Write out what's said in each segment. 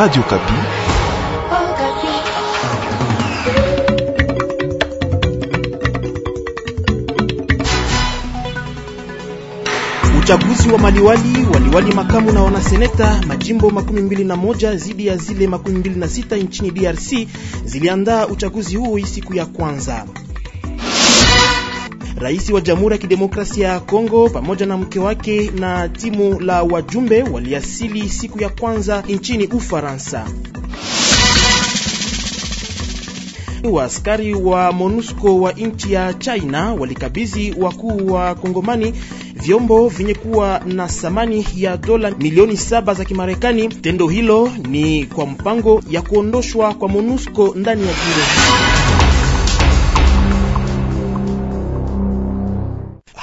Radio Kapi. Uchaguzi wa maliwali, waliwali makamu na wanaseneta majimbo makumi mbili na moja zidi ya zile makumi mbili na sita nchini DRC ziliandaa uchaguzi huu siku ya kwanza. Rais wa Jamhuri ya Kidemokrasia ya Kongo pamoja na mke wake na timu la wajumbe waliasili siku ya kwanza nchini Ufaransa. Waaskari wa MONUSCO wa nchi ya China walikabidhi wakuu wa Kongomani vyombo vyenye kuwa na thamani ya dola milioni saba za Kimarekani. Tendo hilo ni kwa mpango ya kuondoshwa kwa MONUSCO ndani ya jimbo.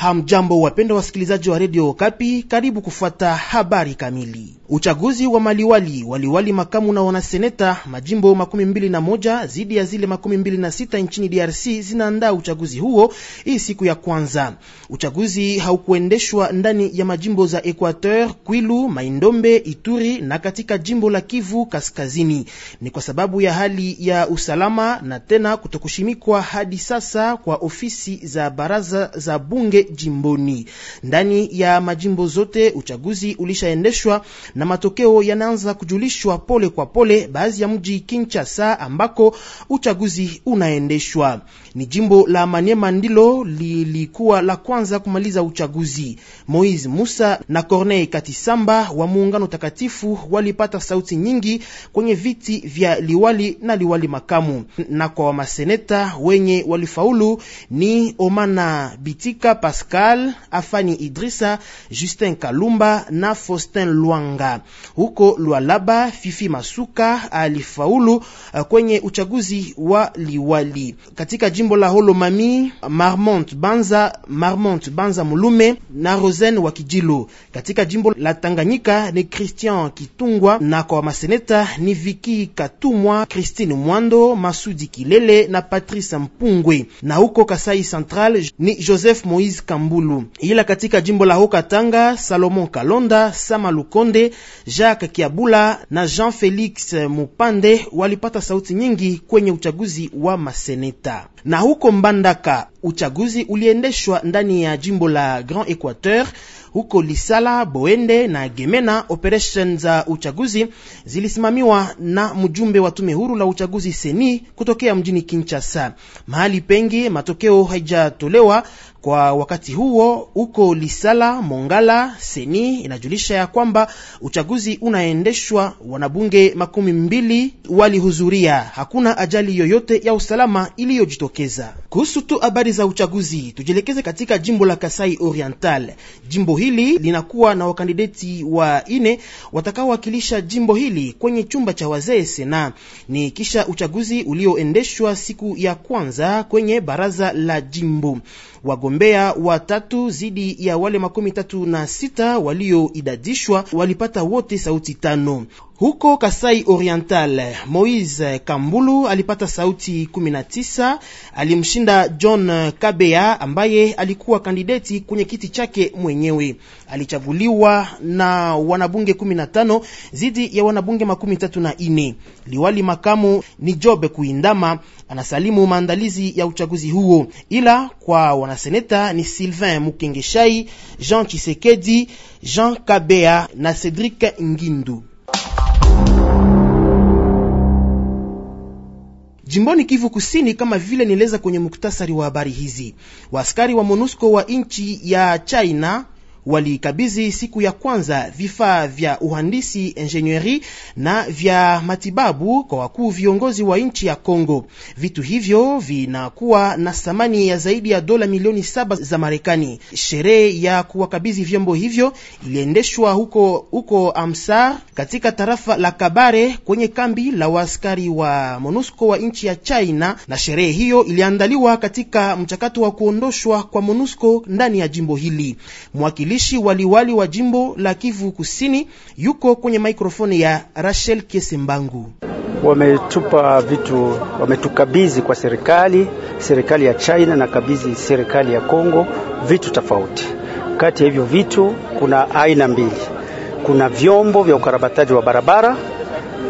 Hamjambo, wapenda wasikilizaji wa redio Okapi, karibu kufuata habari kamili. Uchaguzi wa maliwali, waliwali makamu na wanaseneta majimbo makumi mbili na moja zidi ya zile makumi mbili na sita nchini DRC zinaandaa uchaguzi huo hii siku ya kwanza. Uchaguzi haukuendeshwa ndani ya majimbo za Equateur, Kwilu, Maindombe, Ituri na katika jimbo la Kivu Kaskazini. Ni kwa sababu ya hali ya usalama na tena kutokushimikwa hadi sasa kwa ofisi za baraza za bunge jimboni. Ndani ya majimbo zote uchaguzi ulishaendeshwa na matokeo yanaanza kujulishwa pole kwa pole, baadhi ya mji Kinshasa ambako uchaguzi unaendeshwa ni jimbo la Maniema ndilo lilikuwa la kwanza kumaliza uchaguzi. Moise Musa na Corneille Katisamba wa Muungano Takatifu walipata sauti nyingi kwenye viti vya liwali na liwali makamu, na kwa wamaseneta wenye walifaulu ni Omana Bitika Pascal, Afani Idrisa, Justin Kalumba na Faustin Luanga. Huko Lualaba, Fifi Masuka alifaulu eh, kwenye uchaguzi wa liwali katika jimbo jimbo la Holo Mami, Marmont Banza, Marmont Banza Mulume na Rosen wa Kijilu. Katika jimbo la Tanganyika ni Christian Kitungwa, na kwa maseneta ni Viki Katumwa, Christine Mwando, Masudi Kilele na Patrice Mpungwe, na huko Kasai Central ni Joseph Moise Kambulu. Ila katika jimbo la Haut-Katanga Salomon Kalonda, Sama Lukonde, Jacques Kiabula na Jean-Felix Mupande walipata sauti nyingi kwenye uchaguzi wa maseneta. Na huko Mbandaka uchaguzi uliendeshwa ndani ya jimbo la Grand Equateur. Huko Lisala, Boende na Gemena, operation za uchaguzi zilisimamiwa na mjumbe wa tume huru la uchaguzi seni kutokea mjini Kinshasa. Mahali pengi matokeo haijatolewa kwa wakati huo huko Lisala Mongala Seni inajulisha ya kwamba uchaguzi unaendeshwa, wanabunge makumi mbili walihudhuria, hakuna ajali yoyote ya usalama iliyojitokeza. Kuhusu tu habari za uchaguzi, tujielekeze katika jimbo la Kasai Oriental. Jimbo hili linakuwa na wakandideti wa ine watakaowakilisha jimbo hili kwenye chumba cha wazee Sena. Ni kisha uchaguzi ulioendeshwa siku ya kwanza kwenye baraza la jimbo Wagome wagombea watatu zidi ya wale makumi tatu na sita walioidadishwa walipata wote sauti tano. Huko Kasai Oriental, Moise Kambulu alipata sauti 19, alimshinda John Kabea ambaye alikuwa kandideti kwenye kiti chake mwenyewe. Alichaguliwa na wanabunge 15 zidi ya wanabunge makumi tatu na ine. Liwali makamu ni Job Kuindama anasalimu maandalizi ya uchaguzi huo, ila kwa wanaseneta ni Sylvain Mukengeshai, Jean Chisekedi, Jean Kabea na Cedric Ngindu. jimboni Kivu Kusini, kama vile nieleza kwenye muktasari wa habari hizi. Waaskari wa MONUSCO wa nchi ya China walikabizi siku ya kwanza vifaa vya uhandisi engineering na vya matibabu kwa wakuu viongozi wa nchi ya Kongo. Vitu hivyo vinakuwa na thamani ya zaidi ya dola milioni saba za Marekani. Sherehe ya kuwakabizi vyombo hivyo iliendeshwa huko huko Amsar katika tarafa la Kabare kwenye kambi la waaskari wa MONUSCO wa nchi ya China, na sherehe hiyo iliandaliwa katika mchakato wa kuondoshwa kwa MONUSCO ndani ya jimbo hili Mwakili mwandishi waliwali wa jimbo la Kivu Kusini, yuko kwenye mikrofoni ya Rachel Kesembangu. Wametupa vitu, wametukabidhi kwa serikali, serikali ya China na kabidhi serikali ya Kongo vitu tofauti. Kati ya hivyo vitu kuna aina mbili, kuna vyombo vya ukarabataji wa barabara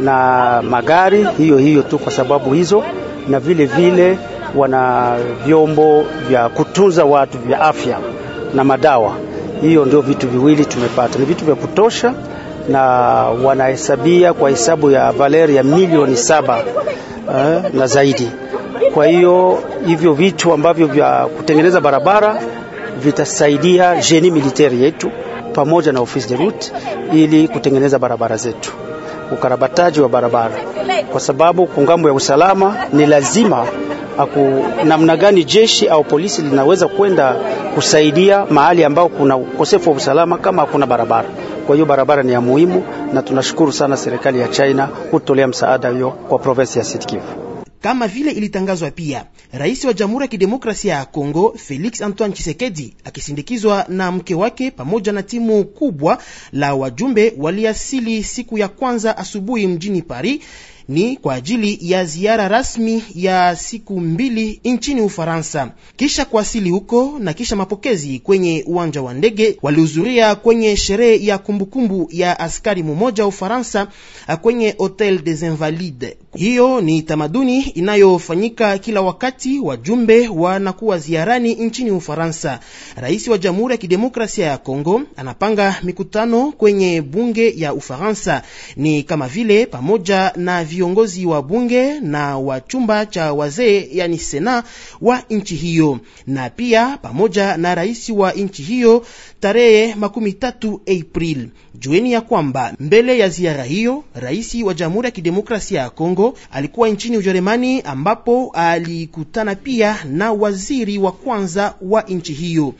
na magari hiyo hiyo tu kwa sababu hizo, na vile vile wana vyombo vya kutunza watu vya afya na madawa. Hiyo ndio vitu viwili tumepata, ni vitu vya kutosha, na wanahesabia kwa hesabu ya valeri ya milioni saba eh, na zaidi. Kwa hiyo hivyo vitu ambavyo vya kutengeneza barabara vitasaidia jeni militeri yetu pamoja na ofisi de route ili kutengeneza barabara zetu, ukarabataji wa barabara, kwa sababu kungambo ya usalama ni lazima aku namna gani jeshi au polisi linaweza kwenda kusaidia mahali ambao kuna ukosefu wa usalama kama hakuna barabara. Kwa hiyo barabara ni ya muhimu, na tunashukuru sana serikali ya China kutolea msaada hiyo kwa provinsi ya Sud Kivu. Kama vile ilitangazwa pia, rais wa Jamhuri ya Kidemokrasia ya Kongo Felix Antoine Tshisekedi akisindikizwa na mke wake pamoja na timu kubwa la wajumbe waliasili siku ya kwanza asubuhi mjini Paris ni kwa ajili ya ziara rasmi ya siku mbili nchini Ufaransa. Kisha kuwasili huko na kisha mapokezi kwenye uwanja wa ndege, walihudhuria kwenye sherehe ya kumbukumbu ya askari mmoja wa Ufaransa kwenye Hotel des Invalides. Hiyo ni tamaduni inayofanyika kila wakati wajumbe wanakuwa ziarani nchini Ufaransa. Rais wa Jamhuri ya Kidemokrasia ya Kongo anapanga mikutano kwenye bunge ya Ufaransa, ni kama vile pamoja na vi viongozi wa bunge na wa chumba cha wazee yani sena wa nchi hiyo, na pia pamoja na rais wa nchi hiyo tarehe makumi tatu April. Jueni ya kwamba mbele ya ziara hiyo rais wa Jamhuri ya Kidemokrasia ya Kongo alikuwa nchini Ujerumani, ambapo alikutana pia na waziri wa kwanza wa nchi hiyo.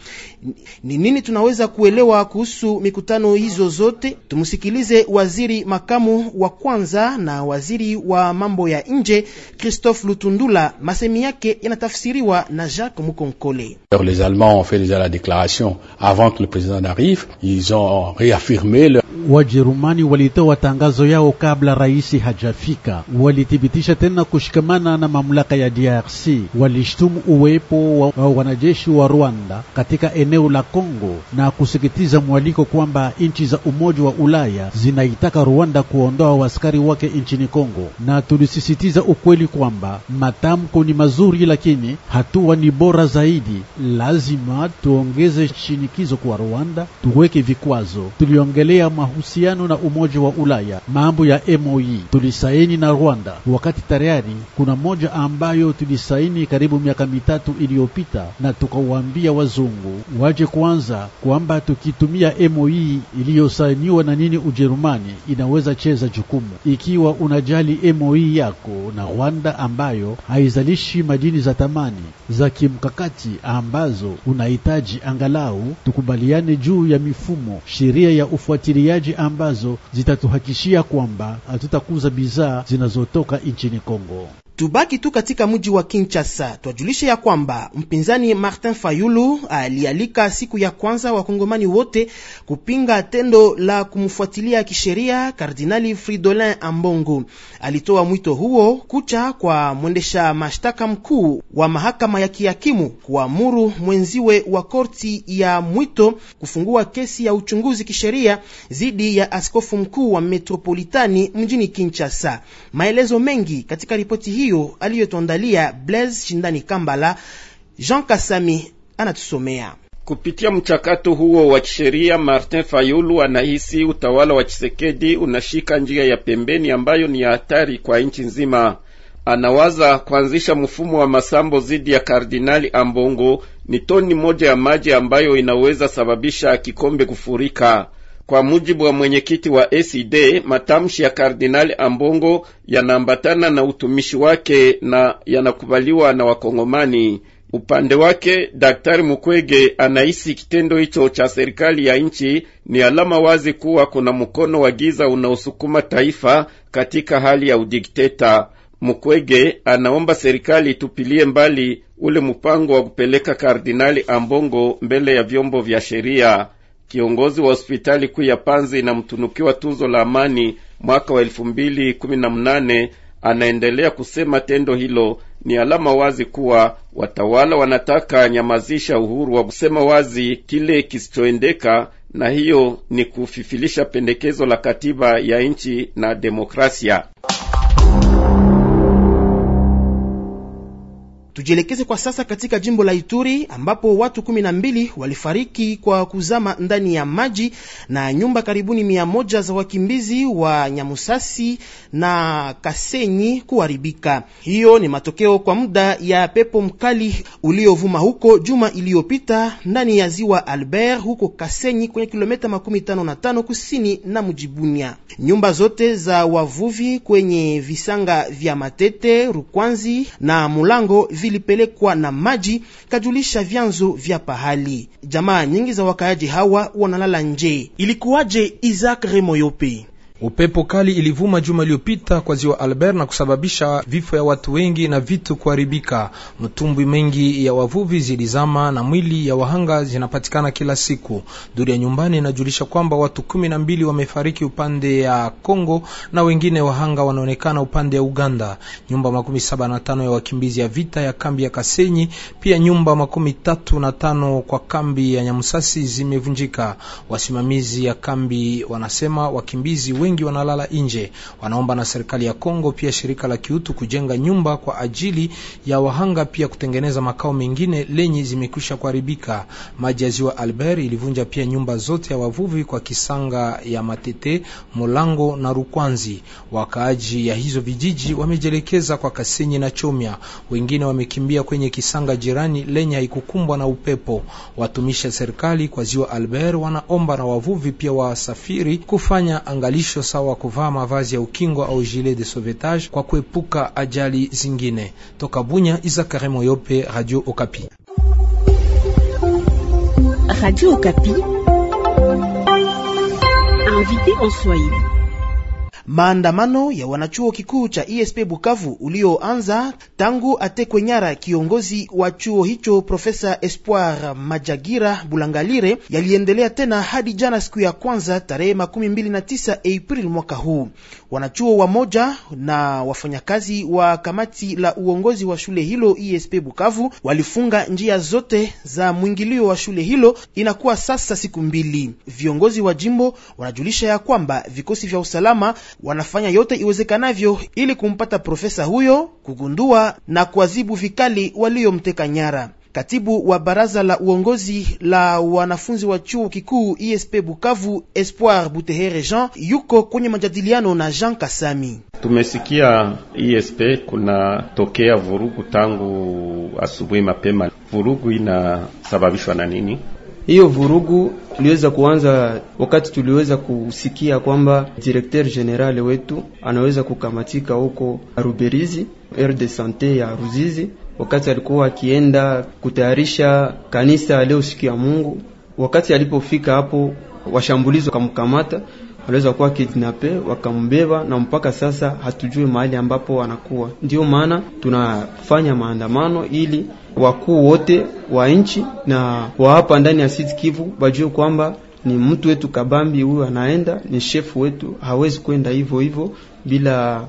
Ni nini tunaweza kuelewa kuhusu mikutano hizo zote? Tumsikilize waziri makamu wa kwanza na waziri wa mambo ya nje Christophe Lutundula. Masemi yake yanatafsiriwa na Jacques Mukonkole. Les Allemands ont fait déjà la déclaration avant que le président Narif, ils ont réaffirmé leur Wajerumani walitoa tangazo yao kabla raisi hajafika. Walithibitisha tena kushikamana na mamlaka ya DRC. Walishtumu uwepo wa, wanajeshi wa Rwanda katika eneo la Kongo na kusikitiza mwaliko kwamba nchi za Umoja wa Ulaya zinaitaka Rwanda kuondoa waskari wake nchini Kongo, na tulisisitiza ukweli kwamba matamko ni mazuri, lakini hatua ni bora zaidi. Lazima tuongeze shinikizo kwa Rwanda tuweke vikwazo. Tuliongelea mahusiano na Umoja wa Ulaya, mambo ya MOI e. tulisaini na Rwanda, wakati tayari kuna moja ambayo tulisaini karibu miaka mitatu iliyopita, na tukawaambia wazungu waje kwanza kwamba tukitumia MOI e iliyosainiwa na nini Ujerumani inaweza cheza jukumu ikiwa unajali MOI e yako na Rwanda ambayo haizalishi madini za thamani za kimkakati ambazo unahitaji angalau tukubali tujadiliane juu ya mifumo sheria ya ufuatiliaji ambazo zitatuhakishia kwamba hatutakuza bidhaa zinazotoka nchini Kongo. Tubaki tu katika mji wa Kinshasa, twajulishe ya kwamba mpinzani Martin Fayulu alialika siku ya kwanza wakongomani wote kupinga tendo la kumfuatilia kisheria Kardinali Fridolin Ambongo. Alitoa mwito huo kucha kwa mwendesha mashtaka mkuu wa mahakama ya kihakimu kuamuru mwenziwe wa korti ya mwito kufungua kesi ya uchunguzi kisheria dhidi ya askofu mkuu wa metropolitani mjini Kinshasa. Maelezo mengi katika ripoti hii ndiyo aliyotuandalia Blaise Shindani Kambala. Jean Kasami anatusomea. Kupitia mchakato huo wa kisheria, Martin Fayulu anahisi utawala wa Chisekedi unashika njia ya pembeni ambayo ni ya hatari kwa nchi nzima. Anawaza kuanzisha mfumo wa masambo dhidi ya Kardinali Ambongo, ni toni moja ya maji ambayo inaweza sababisha kikombe kufurika. Kwa mujibu wa mwenyekiti wa ECD, matamshi ya Kardinali Ambongo yanaambatana na utumishi wake na yanakubaliwa na Wakongomani. Upande wake Daktari Mukwege anahisi kitendo hicho cha serikali ya nchi ni alama wazi kuwa kuna mkono wa giza unaosukuma taifa katika hali ya udikteta. Mukwege anaomba serikali itupilie mbali ule mpango wa kupeleka Kardinali Ambongo mbele ya vyombo vya sheria. Kiongozi wa hospitali kuu ya Panzi inamtunukiwa tuzo la amani mwaka wa elfu mbili kumi na mnane. Anaendelea kusema tendo hilo ni alama wazi kuwa watawala wanataka nyamazisha uhuru wa kusema wazi kile kisichoendeka, na hiyo ni kufifilisha pendekezo la katiba ya nchi na demokrasia. Tujielekeze kwa sasa katika jimbo la Ituri ambapo watu kumi na mbili walifariki kwa kuzama ndani ya maji na nyumba karibuni mia moja za wakimbizi wa Nyamusasi na Kasenyi kuharibika. Hiyo ni matokeo kwa muda ya pepo mkali uliovuma huko juma iliyopita ndani ya ziwa Albert huko Kasenyi kwenye kilometa makumi tano na tano kusini na Mujibunia. Nyumba zote za wavuvi kwenye visanga vya Matete, Rukwanzi na Mulango vi zilipelekwa na maji, kajulisha vyanzo vya pahali. Jamaa nyingi za wakaaji hawa wanalala nje. Ilikuwaje Isaac Remoyope? Upepo kali ilivuma juma iliyopita kwa ziwa Albert na kusababisha vifo ya watu wengi na vitu kuharibika. Mtumbwi mengi ya wavuvi zilizama na mwili ya wahanga zinapatikana kila siku. Duru ya nyumbani inajulisha kwamba watu kumi na mbili wamefariki upande ya Kongo na wengine wahanga wanaonekana upande ya Uganda. Nyumba makumi saba na tano ya wakimbizi ya vita ya kambi ya Kasenyi, pia nyumba makumi tatu na tano kwa kambi ya Nyamusasi zimevunjika. Wasimamizi ya kambi wanasema wakimbizi wengi wengi wanalala nje. Wanaomba na serikali ya Kongo pia shirika la kiutu kujenga nyumba kwa ajili ya wahanga, pia kutengeneza makao mengine lenye zimekwisha kuharibika. Maji ya ziwa Albert ilivunja pia nyumba zote ya wavuvi kwa Kisanga ya Matete, Molango na Rukwanzi. Wakaaji ya hizo vijiji wamejielekeza kwa Kasenyi na Chomya, wengine wamekimbia kwenye Kisanga jirani lenye haikukumbwa na upepo. Watumishi serikali kwa ziwa Albert wanaomba na wavuvi pia wasafiri kufanya angalisho sio sawa kuvaa mavazi ya ukingo au gilet de sauvetage kwa kuepuka ajali zingine. Toka Bunya, Isakare Moyope, Radio Okapi. Radio Okapi. Invité en Swahili. Maandamano ya wanachuo kikuu cha ESP Bukavu ulioanza tangu atekwe nyara kiongozi wa chuo hicho Profesa Espoir Majagira Bulangalire yaliendelea tena hadi jana siku ya kwanza tarehe makumi tisa Aprili mwaka huu. Wanachuo wa moja na wafanyakazi wa kamati la uongozi wa shule hilo ESP Bukavu walifunga njia zote za mwingilio wa shule hilo, inakuwa sasa siku mbili. Viongozi wa jimbo wanajulisha ya kwamba vikosi vya usalama wanafanya yote iwezekanavyo ili kumpata profesa huyo, kugundua na kuwazibu vikali waliomteka nyara. Katibu wa baraza la uongozi la wanafunzi wa chuo kikuu ISP Bukavu, Espoir Butehere Jean, yuko kwenye majadiliano na Jean Kasami. Tumesikia ISP kunatokea vurugu tangu asubuhi mapema. Vurugu inasababishwa na nini? Hiyo vurugu tuliweza kuanza wakati tuliweza kusikia kwamba direkteur general wetu anaweza kukamatika huko Ruberizi R de sante ya Ruzizi, wakati alikuwa akienda kutayarisha kanisa leo siku ya Mungu. Wakati alipofika hapo, washambulizi wakamkamata waliweza kuwa kidnape wakambeba, na mpaka sasa hatujui mahali ambapo anakuwa. ndio maana tunafanya maandamano ili wakuu wote wa nchi na wa hapa ndani ya Sud Kivu wajue kwamba ni mtu wetu Kabambi huyu anaenda, ni shefu wetu, hawezi kwenda hivyo hivyo bila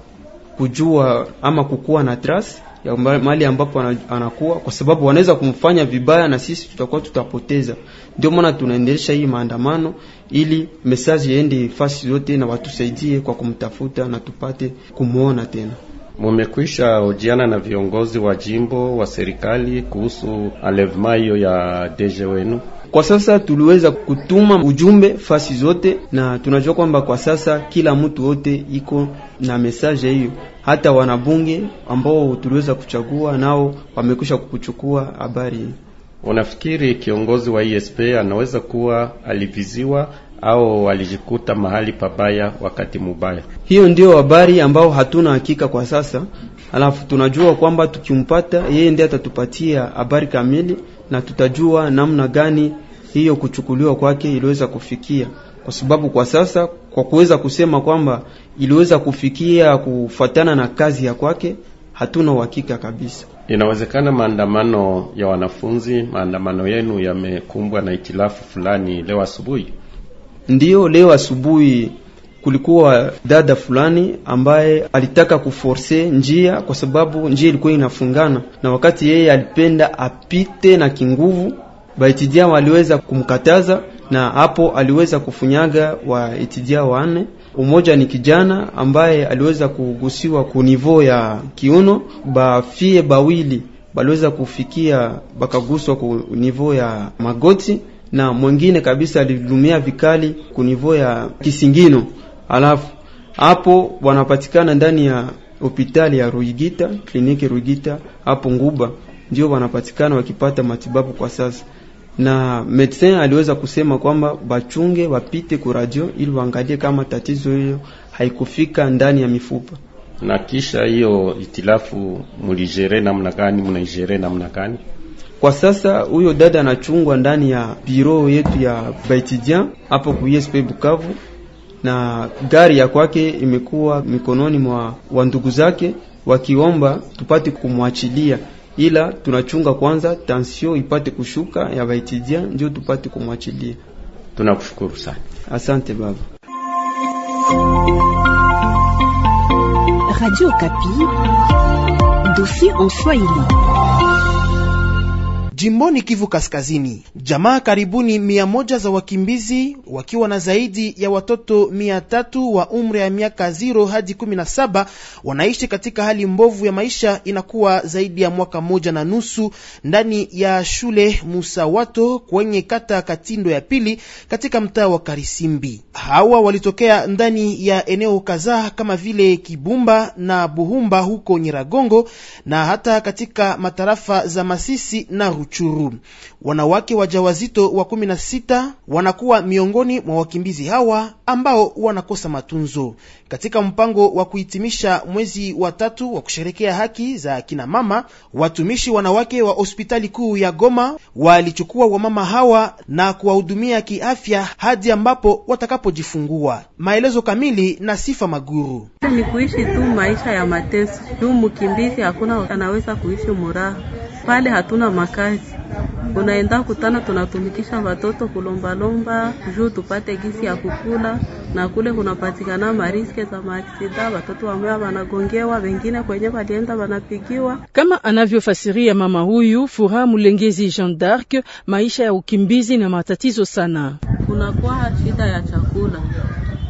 kujua ama kukuwa na trust ya mahali ambapo anakuwa, kwa sababu wanaweza kumfanya vibaya na sisi tutakuwa tutapoteza. Ndio maana tunaendelesha hii maandamano ili mesaji iende fasi zote na watusaidie kwa kumtafuta na tupate kumwona tena. Mumekwisha hojiana na viongozi wa jimbo wa serikali kuhusu alevema hiyo ya deje wenu? Kwa sasa tuliweza kutuma ujumbe fasi zote, na tunajua kwamba kwa sasa kila mtu wote iko na mesaje hiyo, hata wanabunge ambao tuliweza kuchagua nao wamekwisha kukuchukua habari. Unafikiri kiongozi wa ISP e anaweza kuwa aliviziwa au alijikuta mahali pabaya wakati mubaya? Hiyo ndio habari ambao hatuna hakika kwa sasa. Alafu tunajua kwamba tukimpata yeye ndiye atatupatia habari kamili na tutajua namna gani hiyo kuchukuliwa kwake iliweza kufikia kwa sababu kwa sasa kwa kuweza kusema kwamba iliweza kufikia kufuatana na kazi ya kwake, hatuna uhakika kabisa. Inawezekana maandamano ya wanafunzi, maandamano yenu yamekumbwa na itilafu fulani leo asubuhi? Ndiyo, leo asubuhi kulikuwa dada fulani ambaye alitaka kuforse njia kwa sababu njia ilikuwa inafungana, na wakati yeye alipenda apite na kinguvu, baitidia waliweza kumkataza na hapo aliweza kufunyaga wa itidia wanne. Umoja ni kijana ambaye aliweza kugusiwa kunivou ya kiuno, bafie bawili baliweza kufikia bakaguswa kunivou ya magoti, na mwingine kabisa alidumia vikali kunivou ya kisingino. Alafu hapo wanapatikana ndani ya hopitali ya Ruigita, kliniki Ruigita hapo Nguba, ndio wanapatikana wakipata matibabu kwa sasa na medecin aliweza kusema kwamba bachunge wapite ku radio ili waangalie kama tatizo hiyo haikufika ndani ya mifupa. Na kisha hiyo itilafu mulijere namna gani? Munaijere namna gani? Kwa sasa huyo dada anachungwa ndani ya biro yetu ya Baitidian hapo ku ISP Bukavu, na gari ya kwake imekuwa mikononi mwa wandugu zake wakiomba tupate kumwachilia ila tunachunga kwanza tansio ipate kushuka ya baitidia, ndio tupate kumwachilia. Tunakushukuru sana, asante baba. Radio Kapi, dossier en Swahili jimboni Kivu Kaskazini. Jamaa karibuni mia moja za wakimbizi wakiwa na zaidi ya watoto mia tatu wa umri ya miaka zero hadi kumi na saba wanaishi katika hali mbovu ya maisha, inakuwa zaidi ya mwaka moja na nusu ndani ya shule Musawato kwenye kata Katindo ya pili katika mtaa wa Karisimbi. Hawa walitokea ndani ya eneo kadhaa kama vile Kibumba na Buhumba huko Nyiragongo na hata katika matarafa za Masisi na Ruchu. Ruchuru. Wanawake wajawazito wa kumi na sita wanakuwa miongoni mwa wakimbizi hawa ambao wanakosa matunzo. Katika mpango wa kuhitimisha mwezi wa tatu wa kusherekea haki za kina mama, watumishi wanawake wa hospitali kuu ya Goma walichukua wamama hawa na kuwahudumia kiafya hadi ambapo watakapojifungua. Maelezo kamili na Sifa Maguru. Ni kuishi tu maisha ya mateso juu mkimbizi hakuna anaweza kuishi muraha pale hatuna makazi, unaenda kutana, tunatumikisha watoto kulombalomba juu tupate gisi ya kukula, na kule kunapatikana mariske za maaksida, watoto wamoya wanagongewa, wengine kwenye walienda wanapigiwa. Kama anavyofasiria mama huyu Furaha Mulengezi Jean d'Arc, maisha ya ukimbizi na matatizo sana, kunakuwa shida ya chakula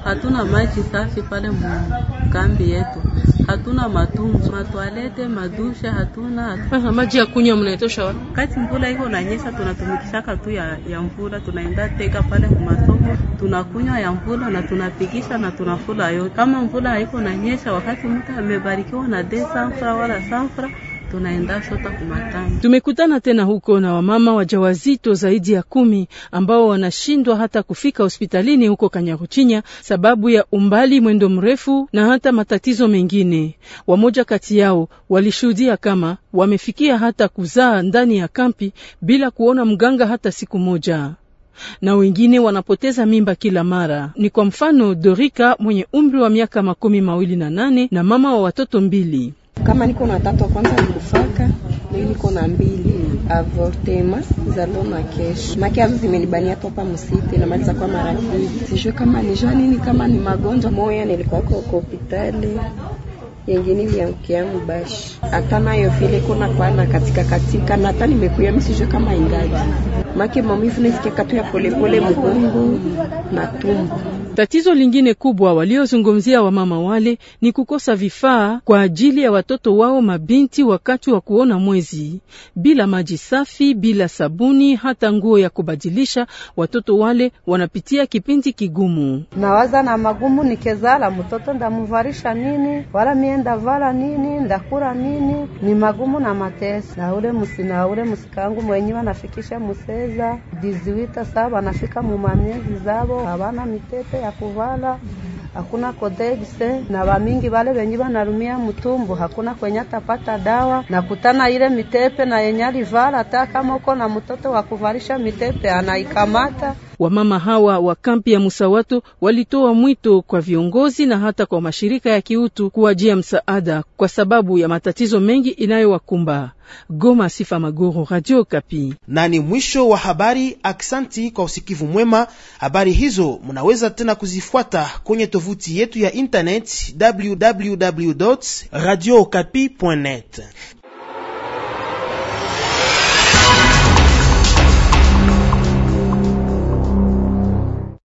hatuna maji safi pale mukambi yetu, hatuna matunzo, matwalete, madusha hatuna, hatuna. maji ya kunywa mnayotosha wapi? Kati mvula iko nanyesha, tunatumikishaka tu ya, ya mvula, tunaenda teka pale kwa masomo, tunakunywa ya mvula na tunapikisha na tunafula yote. Kama mvula haiko nanyesha, wakati mtu amebarikiwa na desanfra wala sanfra tunaenda shota kumatani. Tumekutana tena huko na wamama wajawazito zaidi ya kumi ambao wanashindwa hata kufika hospitalini huko Kanyaruchinya sababu ya umbali, mwendo mrefu na hata matatizo mengine. Wamoja kati yao walishuhudia kama wamefikia hata kuzaa ndani ya kampi bila kuona mganga hata siku moja na wengine wanapoteza mimba kila mara. Ni kwa mfano Dorika mwenye umri wa miaka makumi mawili na nane na mama wa watoto mbili. Kama niko na tatu wa kwanza nikufaka mimi niko na mbili avortema zalo na kesho make azo zimenibania topa msite na mali kwa marafiki sijui kama ni jua nini, kama ni magonjwa moya nilikuwa kwa hospitali yengine niangukia mbashi, hata nayo vile kuna kwana katika katika na hata nimekuya msijue kama ingaji make maumivu nasikia katu ya polepole mgongo na tumbo Tatizo lingine kubwa waliozungumzia wamama wale ni kukosa vifaa kwa ajili ya watoto wao mabinti wakati wa kuona mwezi. Bila maji safi, bila sabuni, hata nguo ya kubadilisha, watoto wale wanapitia kipindi kigumu. Nawaza na magumu, nikezala mtoto ndamuvarisha nini, wala mienda ndavala nini, ndakura nini, ni magumu na matesi. Na ule musi na ule musikangu mwenyewe wanafikisha museza diziwita saba, anafika mumamiezi mamiezi zabo mitete ya kuvala hakuna kodegise na vamingi vale venye wanarumia mtumbu hakuna kwenye atapata dawa na kutana ile mitepe na yenye alivala, hata kama uko na mtoto wa kuvalisha mitepe anaikamata Wamama hawa wa kampi ya Musawato walitoa mwito kwa viongozi na hata kwa mashirika ya kiutu kuwajia msaada kwa sababu ya matatizo mengi inayowakumba. Goma, Sifa Maguru, Radio Kapi. Na ni mwisho wa habari. Aksanti kwa usikivu mwema. Habari hizo mnaweza tena kuzifuata kwenye tovuti yetu ya internet www.radiokapi.net.